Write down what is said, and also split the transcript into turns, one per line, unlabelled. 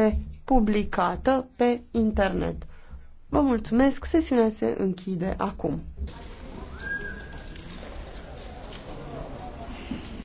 este publicată pe internet. Vă mulțumesc, sesiunea se închide acum.